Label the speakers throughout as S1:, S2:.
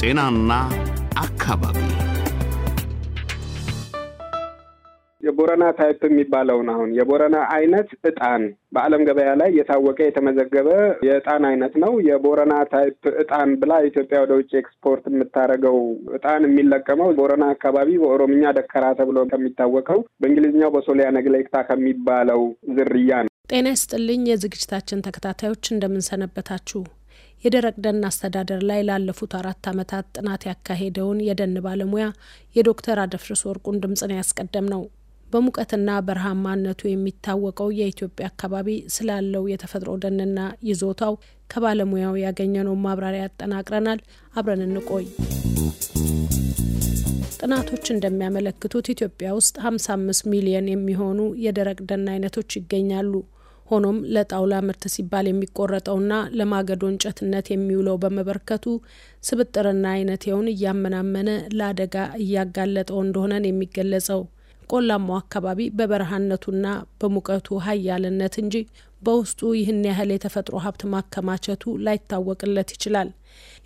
S1: ጤናና አካባቢ የቦረና ታይፕ የሚባለውን አሁን የቦረና አይነት እጣን በዓለም ገበያ ላይ የታወቀ የተመዘገበ የእጣን አይነት ነው። የቦረና ታይፕ እጣን ብላ ኢትዮጵያ ወደ ውጭ ኤክስፖርት የምታደርገው እጣን የሚለቀመው ቦረና አካባቢ በኦሮምኛ ደከራ ተብሎ ከሚታወቀው በእንግሊዝኛው በሶሊያ ነግሌክታ ከሚባለው ዝርያ ነው።
S2: ጤና ይስጥልኝ የዝግጅታችን ተከታታዮች እንደምንሰነበታችሁ። የደረቅ ደን አስተዳደር ላይ ላለፉት አራት ዓመታት ጥናት ያካሄደውን የደን ባለሙያ የዶክተር አደፍርስ ወርቁን ድምፅን ያስቀደም ነው። በሙቀትና በረሃማነቱ የሚታወቀው የኢትዮጵያ አካባቢ ስላለው የተፈጥሮ ደንና ይዞታው ከባለሙያው ያገኘነው ማብራሪያ ያጠናቅረናል። አብረን እንቆይ። ጥናቶች እንደሚያመለክቱት ኢትዮጵያ ውስጥ 55 ሚሊየን የሚሆኑ የደረቅ ደን አይነቶች ይገኛሉ። ሆኖም ለጣውላ ምርት ሲባል የሚቆረጠውና ለማገዶ እንጨትነት የሚውለው በመበርከቱ ስብጥርና አይነቴውን እያመናመነ ለአደጋ እያጋለጠው እንደሆነን የሚገለጸው ቆላማው አካባቢ በበረሃነቱና በሙቀቱ ሀያልነት እንጂ በውስጡ ይህን ያህል የተፈጥሮ ሀብት ማከማቸቱ ላይታወቅለት ይችላል።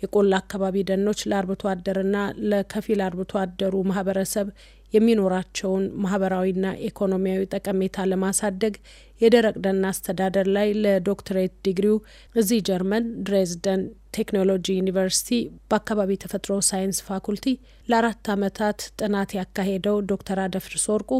S2: የቆላ አካባቢ ደኖች ለአርብቶ አደርና ለከፊል አርብቶ አደሩ ማህበረሰብ የሚኖራቸውን ማህበራዊና ኢኮኖሚያዊ ጠቀሜታ ለማሳደግ የደረቅ ደን አስተዳደር ላይ ለዶክትሬት ዲግሪው እዚህ ጀርመን ድሬዝደን ቴክኖሎጂ ዩኒቨርሲቲ በአካባቢ ተፈጥሮ ሳይንስ ፋኩልቲ ለአራት ዓመታት ጥናት ያካሄደው ዶክተር አደፍርስ ወርቁ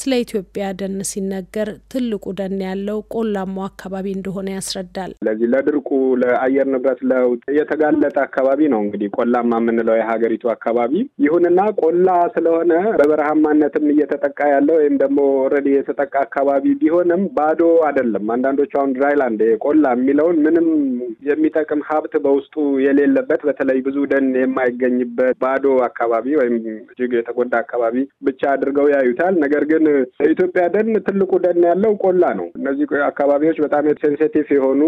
S2: ስለ ኢትዮጵያ ደን ሲነገር ትልቁ ደን ያለው ቆላማው አካባቢ እንደሆነ ያስረዳል።
S1: ስለዚህ ለድርቁ፣ ለአየር ንብረት ለውጥ የተጋለጠ አካባቢ ነው እንግዲህ ቆላማ የምንለው የሀገሪቱ አካባቢ። ይሁንና ቆላ ስለሆነ በበረሃማነትም እየተጠቃ ያለው ወይም ደግሞ ኦልሬዲ የተጠቃ አካባቢ ቢሆንም ባዶ አይደለም። አንዳንዶቹ አሁን ድራይላንድ ቆላ የሚለውን ምንም የሚጠቅም ሀብት በውስጡ የሌለበት በተለይ ብዙ ደን የማይገኝበት ባዶ አካባቢ ወይም እጅግ የተጎዳ አካባቢ ብቻ አድርገው ያዩታል። ነገር ግን የኢትዮጵያ ደን ትልቁ ደን ያለው ቆላ ነው። እነዚህ አካባቢዎች በጣም ሴንሴቲቭ የሆኑ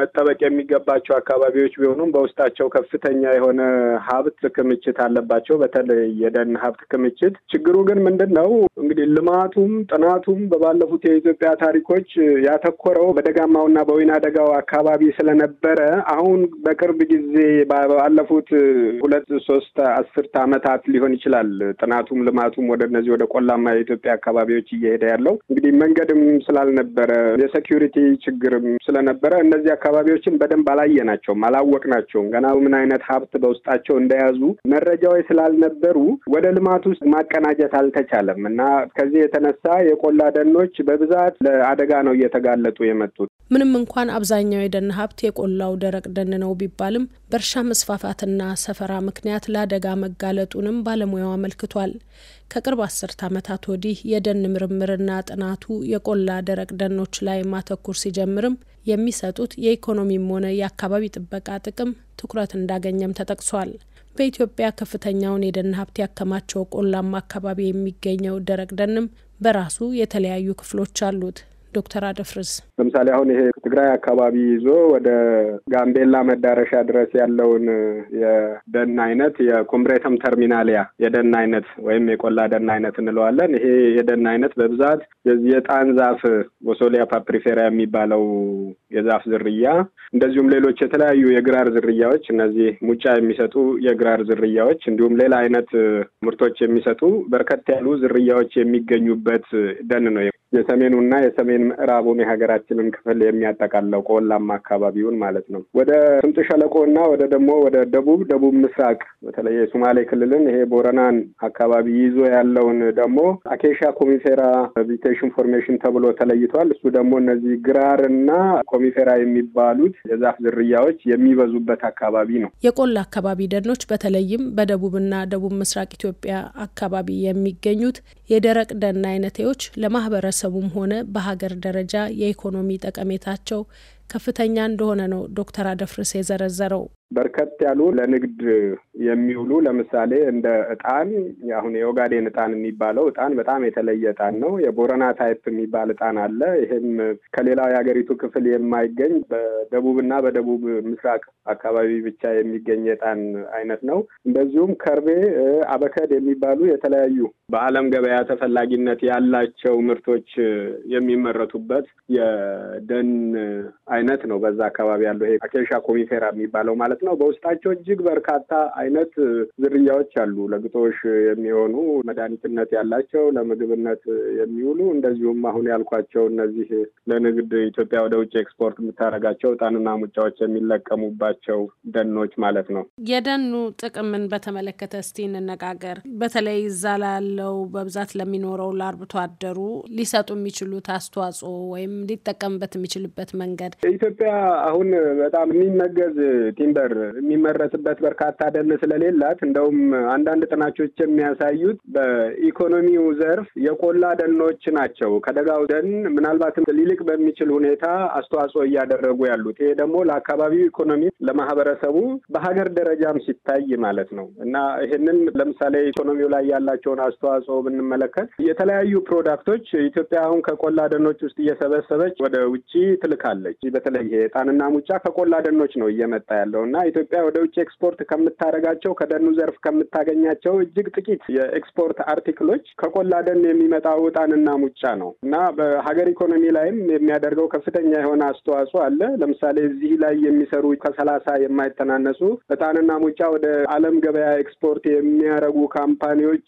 S1: መጠበቅ የሚገባቸው አካባቢዎች ቢሆኑም በውስጣቸው ከፍተኛ የሆነ ሀብት ክምችት አለባቸው። በተለይ የደን ሀብት ክምችት። ችግሩ ግን ምንድን ነው? እንግዲህ ልማቱም ጥናቱም በባለፉት የኢትዮጵያ ታሪኮች ጥናቶች ያተኮረው በደጋማውና በወይና ደጋው አካባቢ ስለነበረ አሁን በቅርብ ጊዜ ባለፉት ሁለት ሶስት አስርት ዓመታት ሊሆን ይችላል ጥናቱም ልማቱም ወደ እነዚህ ወደ ቆላማ የኢትዮጵያ አካባቢዎች እየሄደ ያለው እንግዲህ መንገድም ስላልነበረ የሴኪሪቲ ችግርም ስለነበረ እነዚህ አካባቢዎችን በደንብ አላወቅ ናቸውም ገና ምን አይነት ሀብት በውስጣቸው እንደያዙ መረጃዎች ስላልነበሩ ወደ ልማት ውስጥ ማቀናጀት አልተቻለም እና ከዚህ የተነሳ የቆላ ደኖች በብዛት ለአደ አደጋ ነው እየተጋለጡ የመጡት።
S2: ምንም እንኳን አብዛኛው የደን ሀብት የቆላው ደረቅ ደን ነው ቢባልም በእርሻ መስፋፋትና ሰፈራ ምክንያት ለአደጋ መጋለጡንም ባለሙያው አመልክቷል። ከቅርብ አስርት ዓመታት ወዲህ የደን ምርምርና ጥናቱ የቆላ ደረቅ ደኖች ላይ ማተኩር ሲጀምርም የሚሰጡት የኢኮኖሚም ሆነ የአካባቢ ጥበቃ ጥቅም ትኩረት እንዳገኘም ተጠቅሷል። በኢትዮጵያ ከፍተኛውን የደን ሀብት ያከማቸው ቆላማ አካባቢ የሚገኘው ደረቅ ደንም በራሱ የተለያዩ ክፍሎች አሉት። ዶክተር አደፍርስ?
S1: ለምሳሌ አሁን ይሄ ትግራይ አካባቢ ይዞ ወደ ጋምቤላ መዳረሻ ድረስ ያለውን የደን አይነት የኮምብሬተም ተርሚናሊያ የደን አይነት ወይም የቆላ ደን አይነት እንለዋለን። ይሄ የደን አይነት በብዛት የዚህ የጣን ዛፍ ቦሶሊያ ፓፕሪፌራ የሚባለው የዛፍ ዝርያ እንደዚሁም ሌሎች የተለያዩ የግራር ዝርያዎች እነዚህ ሙጫ የሚሰጡ የግራር ዝርያዎች እንዲሁም ሌላ አይነት ምርቶች የሚሰጡ በርከት ያሉ ዝርያዎች የሚገኙበት ደን ነው የሰሜኑና የሰሜን ምዕራቡን የሀገራችንን ክፍል የሚያጠቃለው ቆላማ አካባቢውን ማለት ነው። ወደ ስምጥ ሸለቆ እና ወደ ደግሞ ወደ ደቡብ ደቡብ ምስራቅ በተለይ የሶማሌ ክልልን ይሄ ቦረናን አካባቢ ይዞ ያለውን ደግሞ አኬሻ ኮሚፌራ ቪቴሽን ፎርሜሽን ተብሎ ተለይቷል። እሱ ደግሞ እነዚህ ግራር እና ኮሚፌራ የሚባሉት የዛፍ ዝርያዎች የሚበዙበት አካባቢ ነው።
S2: የቆላ አካባቢ ደኖች በተለይም በደቡብና ደቡብ ምስራቅ ኢትዮጵያ አካባቢ የሚገኙት የደረቅ ደን አይነቴዎች ለማህበረሰቡም ሆነ በሀገር በሀገር ደረጃ የኢኮኖሚ ጠቀሜታቸው ከፍተኛ እንደሆነ ነው ዶክተር አደፍርስ የዘረዘረው።
S1: በርከት ያሉ ለንግድ የሚውሉ ለምሳሌ እንደ እጣን፣ አሁን የኦጋዴን እጣን የሚባለው እጣን በጣም የተለየ እጣን ነው። የቦረና ታይፕ የሚባል እጣን አለ። ይህም ከሌላው የሀገሪቱ ክፍል የማይገኝ እና በደቡብ ምስራቅ አካባቢ ብቻ የሚገኝ የእጣን አይነት ነው። እንደዚሁም ከርቤ፣ አበከድ የሚባሉ የተለያዩ በዓለም ገበያ ተፈላጊነት ያላቸው ምርቶች የሚመረቱበት የደን አይነት ነው። በዛ አካባቢ ያለው ይሄ አኬሻ ኮሚፌራ የሚባለው ማለት ነው። በውስጣቸው እጅግ በርካታ አይነት ዝርያዎች አሉ። ለግጦሽ የሚሆኑ መድኃኒትነት ያላቸው፣ ለምግብነት የሚውሉ እንደዚሁም አሁን ያልኳቸው እነዚህ ለንግድ ኢትዮጵያ ወደ ውጭ ኤክስፖርት የምታደርጋቸው እጣንና ሙጫዎች የሚለቀሙባቸው ደኖች ማለት ነው።
S2: የደኑ ጥቅምን በተመለከተ እስቲ እንነጋገር። በተለይ እዛ ላለው በብዛት ለሚኖረው ለአርብቶ አደሩ ሊሰጡ የሚችሉት አስተዋጽኦ ወይም ሊጠቀምበት የሚችልበት መንገድ
S1: ኢትዮጵያ አሁን በጣም የሚመገዝ ቲምበር የሚመረትበት በርካታ ደን ስለሌላት እንደውም አንዳንድ ጥናቾች የሚያሳዩት በኢኮኖሚው ዘርፍ የቆላ ደኖች ናቸው ከደጋው ደን ምናልባትም ሊልቅ በሚችል ሁኔታ አስተዋጽኦ እያደረጉ ያሉት። ይሄ ደግሞ ለአካባቢው ኢኮኖሚ፣ ለማህበረሰቡ በሀገር ደረጃም ሲታይ ማለት ነው እና ይህንን ለምሳሌ ኢኮኖሚው ላይ ያላቸውን አስተዋጽኦ ብንመለከት የተለያዩ ፕሮዳክቶች ኢትዮጵያ አሁን ከቆላ ደኖች ውስጥ እየሰበሰበች ወደ ውጭ ትልካለች። በተለይ እጣንና ሙጫ ከቆላ ደኖች ነው እየመጣ ያለው እና ኢትዮጵያ ወደ ውጭ ኤክስፖርት ከምታደርጋቸው ከደኑ ዘርፍ ከምታገኛቸው እጅግ ጥቂት የኤክስፖርት አርቲክሎች ከቆላ ደን የሚመጣው እጣንና ሙጫ ነው እና በሀገር ኢኮኖሚ ላይም የሚያደርገው ከፍተኛ የሆነ አስተዋጽኦ አለ። ለምሳሌ እዚህ ላይ የሚሰሩ ከሰላሳ የማይተናነሱ እጣንና ሙጫ ወደ ዓለም ገበያ ኤክስፖርት የሚያደርጉ ካምፓኒዎች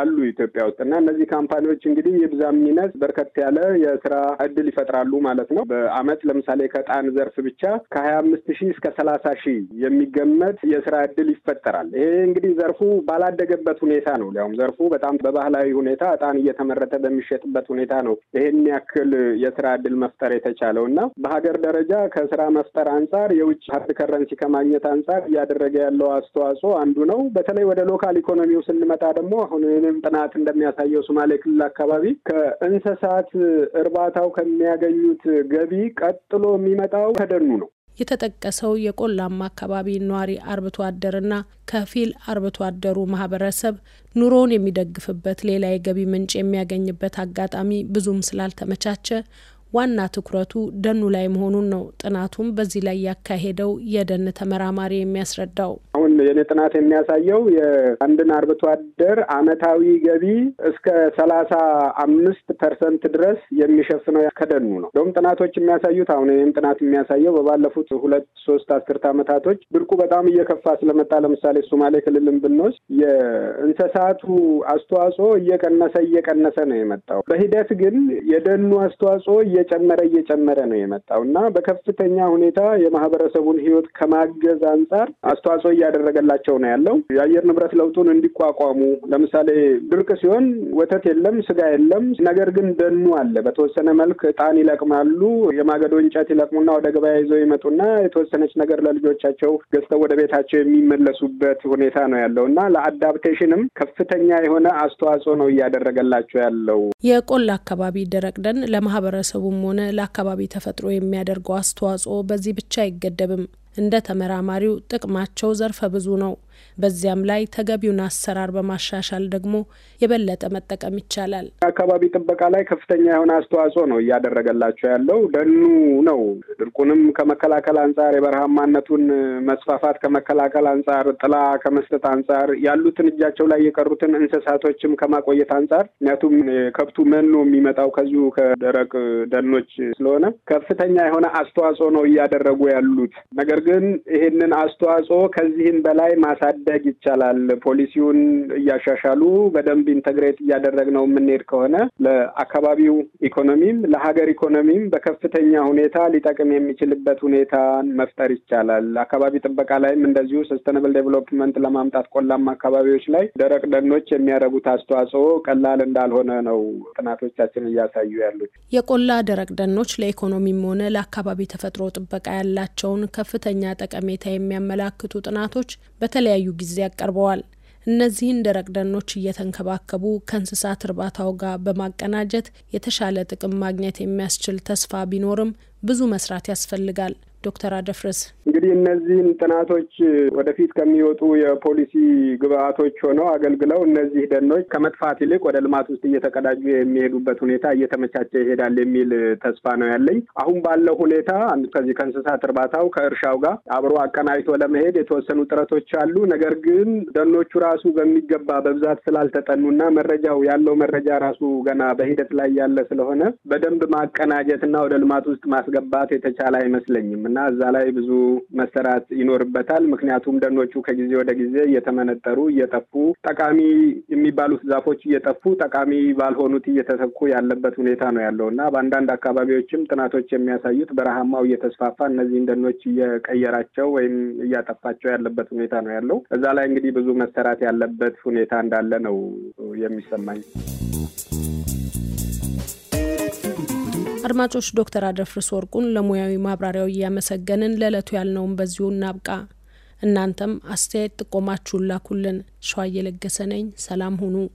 S1: አሉ ኢትዮጵያ ውስጥ እና እነዚህ ካምፓኒዎች እንግዲህ ይብዛም ይነስ በርከት ያለ የስራ እድል ይፈጥራሉ ማለት ነው። በአመት ለምሳሌ በተለይ ከጣን ዘርፍ ብቻ ከሀያ አምስት ሺህ እስከ ሰላሳ ሺህ የሚገመት የስራ እድል ይፈጠራል። ይሄ እንግዲህ ዘርፉ ባላደገበት ሁኔታ ነው። ሊያውም ዘርፉ በጣም በባህላዊ ሁኔታ እጣን እየተመረተ በሚሸጥበት ሁኔታ ነው ይሄን ያክል የስራ እድል መፍጠር የተቻለው እና በሀገር ደረጃ ከስራ መፍጠር አንጻር የውጭ ሀርድ ከረንሲ ከማግኘት አንጻር እያደረገ ያለው አስተዋጽኦ አንዱ ነው። በተለይ ወደ ሎካል ኢኮኖሚው ስንመጣ ደግሞ አሁን ይህንም ጥናት እንደሚያሳየው ሶማሌ ክልል አካባቢ ከእንስሳት እርባታው ከሚያገኙት ገቢ ቀጥሎ ተቀላቅሎ የሚመጣው ከደኑ ነው።
S2: የተጠቀሰው የቆላማ አካባቢ ኗሪ አርብቶ አደርና ከፊል አርብቶ አደሩ ማህበረሰብ ኑሮውን የሚደግፍበት ሌላ የገቢ ምንጭ የሚያገኝበት አጋጣሚ ብዙም ስላልተመቻቸ ዋና ትኩረቱ ደኑ ላይ መሆኑን ነው ጥናቱም በዚህ ላይ ያካሄደው የደን ተመራማሪ የሚያስረዳው።
S1: የኔ ጥናት የሚያሳየው የአንድን አርብቶ አደር አመታዊ ገቢ እስከ ሰላሳ አምስት ፐርሰንት ድረስ የሚሸፍነው ከደኑ ነው። እንደውም ጥናቶች የሚያሳዩት አሁን ይህም ጥናት የሚያሳየው በባለፉት ሁለት ሶስት አስርት አመታቶች ድርቁ በጣም እየከፋ ስለመጣ ለምሳሌ ሶማሌ ክልልን ብንወስድ የእንስሳቱ አስተዋጽኦ እየቀነሰ እየቀነሰ ነው የመጣው። በሂደት ግን የደኑ አስተዋጽኦ እየጨመረ እየጨመረ ነው የመጣው እና በከፍተኛ ሁኔታ የማህበረሰቡን ህይወት ከማገዝ አንጻር አስተዋጽኦ እያደረገ እያደረገላቸው ነው ያለው። የአየር ንብረት ለውጡን እንዲቋቋሙ ለምሳሌ ድርቅ ሲሆን ወተት የለም፣ ስጋ የለም። ነገር ግን ደኑ አለ። በተወሰነ መልክ እጣን ይለቅማሉ። የማገዶ እንጨት ይለቅሙና ወደ ገበያ ይዘው ይመጡና የተወሰነች ነገር ለልጆቻቸው ገዝተው ወደ ቤታቸው የሚመለሱበት ሁኔታ ነው ያለው እና ለአዳፕቴሽንም ከፍተኛ የሆነ አስተዋጽኦ ነው እያደረገላቸው ያለው።
S2: የቆላ አካባቢ ደረቅ ደን ለማህበረሰቡም ሆነ ለአካባቢ ተፈጥሮ የሚያደርገው አስተዋጽኦ በዚህ ብቻ አይገደብም። እንደ ተመራማሪው ጥቅማቸው ዘርፈ ብዙ ነው። በዚያም ላይ ተገቢውን አሰራር በማሻሻል ደግሞ የበለጠ መጠቀም ይቻላል።
S1: አካባቢ ጥበቃ ላይ ከፍተኛ የሆነ አስተዋጽኦ ነው እያደረገላቸው ያለው ደኑ ነው። ድርቁንም ከመከላከል አንጻር፣ የበረሃማነቱን መስፋፋት ከመከላከል አንጻር፣ ጥላ ከመስጠት አንጻር፣ ያሉትን እጃቸው ላይ የቀሩትን እንስሳቶችም ከማቆየት አንጻር ምክንያቱም ከብቱ መኖ የሚመጣው ከዚሁ ከደረቅ ደኖች ስለሆነ ከፍተኛ የሆነ አስተዋጽኦ ነው እያደረጉ ያሉት። ነገር ግን ይህንን አስተዋጽኦ ከዚህም በላይ ማሳ ማሳደግ ይቻላል። ፖሊሲውን እያሻሻሉ በደንብ ኢንተግሬት እያደረግ ነው የምንሄድ ከሆነ ለአካባቢው ኢኮኖሚም ለሀገር ኢኮኖሚም በከፍተኛ ሁኔታ ሊጠቅም የሚችልበት ሁኔታ መፍጠር ይቻላል። አካባቢ ጥበቃ ላይም እንደዚሁ ሰስተነብል ዴቨሎፕመንት ለማምጣት ቆላማ አካባቢዎች ላይ ደረቅ ደኖች የሚያደርጉት አስተዋጽኦ ቀላል እንዳልሆነ ነው ጥናቶቻችን እያሳዩ ያሉት።
S2: የቆላ ደረቅ ደኖች ለኢኮኖሚም ሆነ ለአካባቢ ተፈጥሮ ጥበቃ ያላቸውን ከፍተኛ ጠቀሜታ የሚያመላክቱ ጥናቶች በተለያ በተለያዩ ጊዜ አቀርበዋል። እነዚህን ደረቅ ደኖች እየተንከባከቡ ከእንስሳት እርባታው ጋር በማቀናጀት የተሻለ ጥቅም ማግኘት የሚያስችል ተስፋ ቢኖርም ብዙ መስራት ያስፈልጋል። ዶክተር አደፍርስ
S1: እንግዲህ እነዚህን ጥናቶች ወደፊት ከሚወጡ የፖሊሲ ግብአቶች ሆነው አገልግለው እነዚህ ደኖች ከመጥፋት ይልቅ ወደ ልማት ውስጥ እየተቀዳጁ የሚሄዱበት ሁኔታ እየተመቻቸ ይሄዳል የሚል ተስፋ ነው ያለኝ። አሁን ባለው ሁኔታ ከዚህ ከእንስሳት እርባታው ከእርሻው ጋር አብሮ አቀናጅቶ ለመሄድ የተወሰኑ ጥረቶች አሉ። ነገር ግን ደኖቹ ራሱ በሚገባ በብዛት ስላልተጠኑና መረጃው ያለው መረጃ ራሱ ገና በሂደት ላይ ያለ ስለሆነ በደንብ ማቀናጀትና ወደ ልማት ውስጥ ማስገባት የተቻለ አይመስለኝም። እና እዛ ላይ ብዙ መሰራት ይኖርበታል። ምክንያቱም ደኖቹ ከጊዜ ወደ ጊዜ እየተመነጠሩ እየጠፉ ጠቃሚ የሚባሉት ዛፎች እየጠፉ ጠቃሚ ባልሆኑት እየተተኩ ያለበት ሁኔታ ነው ያለው እና በአንዳንድ አካባቢዎችም ጥናቶች የሚያሳዩት በረሃማው እየተስፋፋ እነዚህን ደኖች እየቀየራቸው ወይም እያጠፋቸው ያለበት ሁኔታ ነው ያለው። እዛ ላይ እንግዲህ ብዙ መሰራት ያለበት ሁኔታ እንዳለ ነው የሚሰማኝ።
S2: አድማጮች ዶክተር አደፍርስ ወርቁን ለሙያዊ ማብራሪያው እያመሰገንን ለዕለቱ ያልነውን በዚሁ እናብቃ። እናንተም አስተያየት ጥቆማችሁን ላኩልን። ሸዋ እየለገሰ ነኝ። ሰላም ሁኑ።